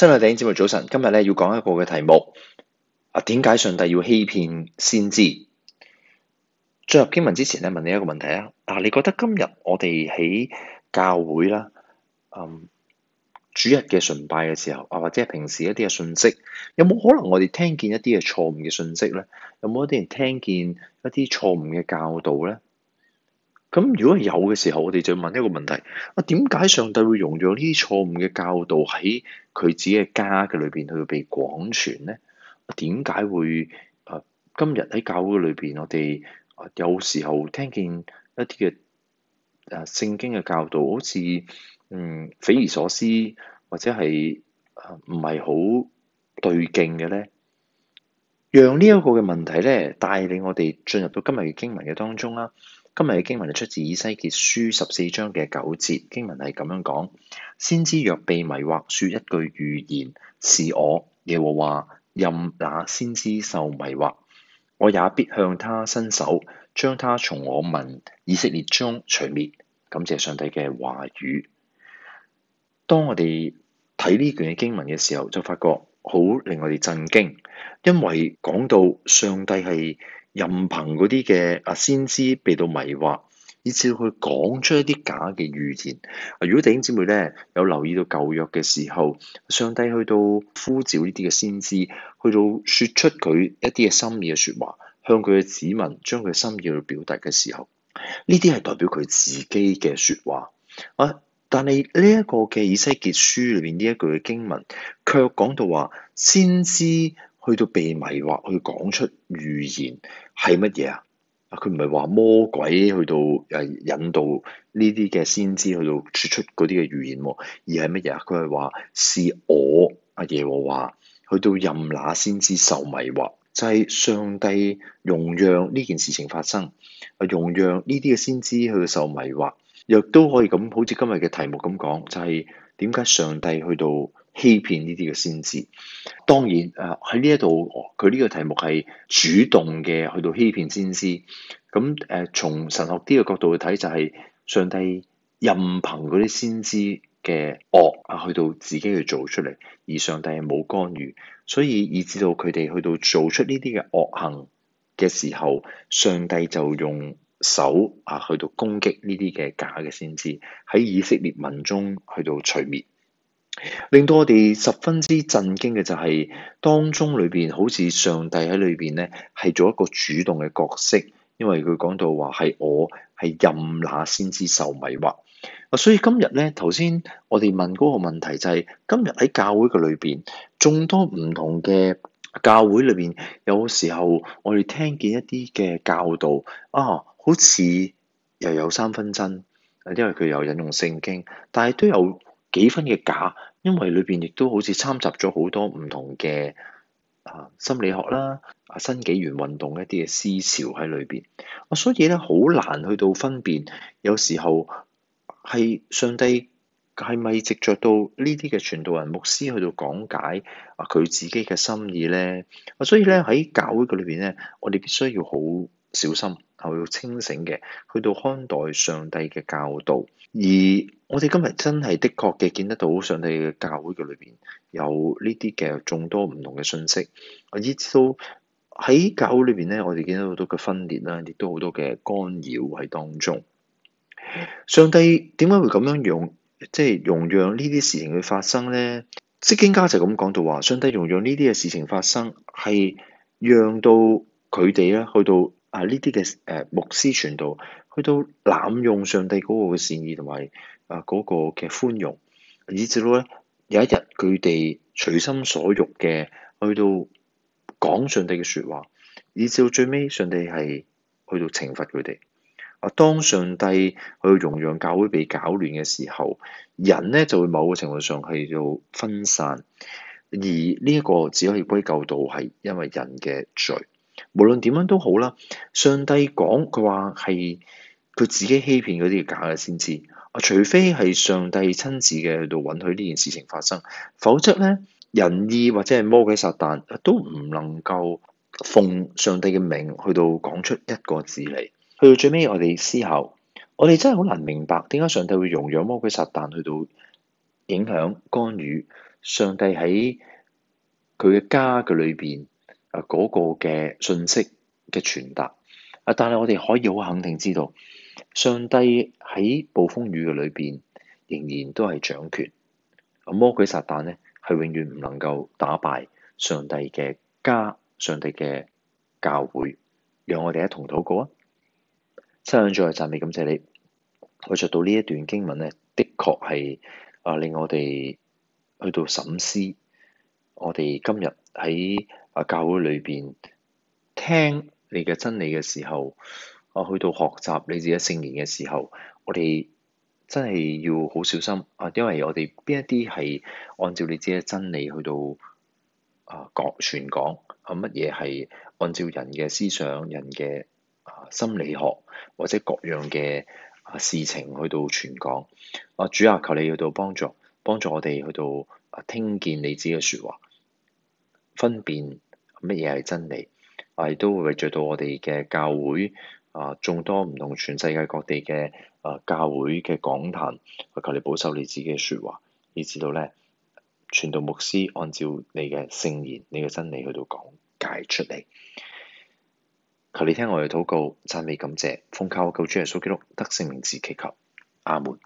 親愛的弟兄姊妹，早晨！今日咧要講一個嘅題目，啊，點解上帝要欺騙先知？進入經文之前咧，問你一個問題啊，嗱，你覺得今日我哋喺教會啦，嗯，主日嘅崇拜嘅時候，啊，或者係平時一啲嘅信息，有冇可能我哋聽見一啲嘅錯誤嘅信息咧？有冇一啲人聽見一啲錯誤嘅教導咧？咁如果有嘅時候，我哋就要問一個問題：啊，點解上帝會容讓呢啲錯誤嘅教導喺佢自己嘅家嘅裏邊去被廣傳咧？點解會啊？今日喺教會裏邊，我哋有時候聽見一啲嘅啊聖經嘅教導，好似嗯匪夷所思，或者係唔係好對勁嘅咧？讓呢一個嘅問題咧，帶領我哋進入到今日嘅經文嘅當中啦。今日嘅經文就出自以西結書十四章嘅九節，經文係咁樣講，先知若被迷惑，說一句預言，是我耶和華，任那先知受迷惑，我也必向他伸手，將他從我民以色列中除滅。感謝上帝嘅話語。當我哋睇呢段嘅經文嘅時候，就發覺好令我哋震驚，因為講到上帝係。任憑嗰啲嘅啊先知被到迷惑，以致到佢講出一啲假嘅預言。啊，如果弟兄姊妹咧有留意到舊約嘅時候，上帝去到呼召呢啲嘅先知，去到説出佢一啲嘅心意嘅説話，向佢嘅子民將佢心意去表達嘅時候，呢啲係代表佢自己嘅説話。啊，但係呢一個嘅以西結書裏面呢一句嘅經文，卻講到話先知。去到被迷惑去講出預言係乜嘢啊？啊，佢唔係話魔鬼去到誒引導呢啲嘅先知去到說出嗰啲嘅預言，而係乜嘢？佢係話是我阿耶和華去到任那先知受迷惑，就係、是、上帝容讓呢件事情發生。啊，容讓呢啲嘅先知去到受迷惑，亦都可以咁好似今日嘅題目咁講，就係點解上帝去到？欺騙呢啲嘅先知，當然誒喺呢一度佢呢個題目係主動嘅去到欺騙先知，咁誒、呃、從神學啲嘅角度去睇就係、是、上帝任憑嗰啲先知嘅惡啊去到自己去做出嚟，而上帝係冇干預，所以以至到佢哋去到做出呢啲嘅惡行嘅時候，上帝就用手啊去到攻擊呢啲嘅假嘅先知喺以色列民中去到除滅。令到我哋十分之震驚嘅就係當中裏邊好似上帝喺裏邊咧係做一個主動嘅角色，因為佢講到話係我係任那先知受迷惑，所以今日咧頭先我哋問嗰個問題就係、是、今日喺教會嘅裏邊眾多唔同嘅教會裏邊，有嘅時候我哋聽見一啲嘅教導啊，好似又有三分真，因為佢又引用聖經，但係都有。幾分嘅假，因為裏邊亦都好似參雜咗好多唔同嘅啊心理學啦，啊新幾元運動一啲嘅思潮喺裏邊，啊所以咧好難去到分辨，有時候係上帝係咪直著到呢啲嘅傳道人牧師去到講解啊佢自己嘅心意咧？啊所以咧喺教會嘅裏邊咧，我哋必須要好小心。後要清醒嘅，去到看待上帝嘅教導。而我哋今日真係的確嘅見得到上帝嘅教會嘅裏邊有呢啲嘅眾多唔同嘅信息。啊，亦都喺教會裏邊咧，我哋見到好多嘅分裂啦，亦都好多嘅干擾喺當中。上帝點解會咁樣用、就係、容，即係容讓呢啲事情去發生咧？即經家就咁講到話，上帝容讓呢啲嘅事情發生，係讓到佢哋啦，去到。啊！呢啲嘅誒牧師傳道，去到濫用上帝嗰個嘅善意同埋啊嗰個嘅寬容，以至到咧有一日佢哋隨心所欲嘅去到講上帝嘅説話，以至到最尾上帝係去到懲罰佢哋。啊！當上帝去到容讓教會被搞亂嘅時候，人咧就會某個程度上係到分散，而呢一個只可以歸咎到係因為人嘅罪。無論點樣都好啦，上帝講佢話係佢自己欺騙嗰啲假嘅先知，啊，除非係上帝親自嘅去到允許呢件事情發生，否則咧人意或者係魔鬼撒旦都唔能夠奉上帝嘅名去到講出一個字嚟。去到最尾我哋思考，我哋真係好難明白點解上帝會容讓魔鬼撒旦去到影響干預上帝喺佢嘅家嘅裏邊。啊！嗰、那個嘅信息嘅傳達啊，但係我哋可以好肯定知道，上帝喺暴風雨嘅裏邊仍然都係掌權。啊，魔鬼撒旦咧係永遠唔能夠打敗上帝嘅家、上帝嘅教會，讓我哋一同禱告啊！親愛嘅眾位，讚美感謝你，我讀到呢一段經文咧，的確係啊令我哋去到審思，我哋今日喺啊！教會裏邊聽你嘅真理嘅時候，啊去到學習你自己聖言嘅時候，我哋真係要好小心啊！因為我哋邊一啲係按照你自己嘅真理去到啊講傳講，啊乜嘢係按照人嘅思想、人嘅啊心理學或者各樣嘅啊事情去到傳講。啊主啊！求你去到幫助，幫助我哋去到啊聽見你自己嘅説話。分辨乜嘢係真理，我哋都會聚集到我哋嘅教會，啊眾多唔同全世界各地嘅啊教會嘅講壇，求你保守你自己嘅説話，以至到咧，傳道牧師按照你嘅聖言、你嘅真理去到講解出嚟。求你聽我哋禱告，讚美感謝，奉靠救主耶穌基督得勝名字祈求，阿門。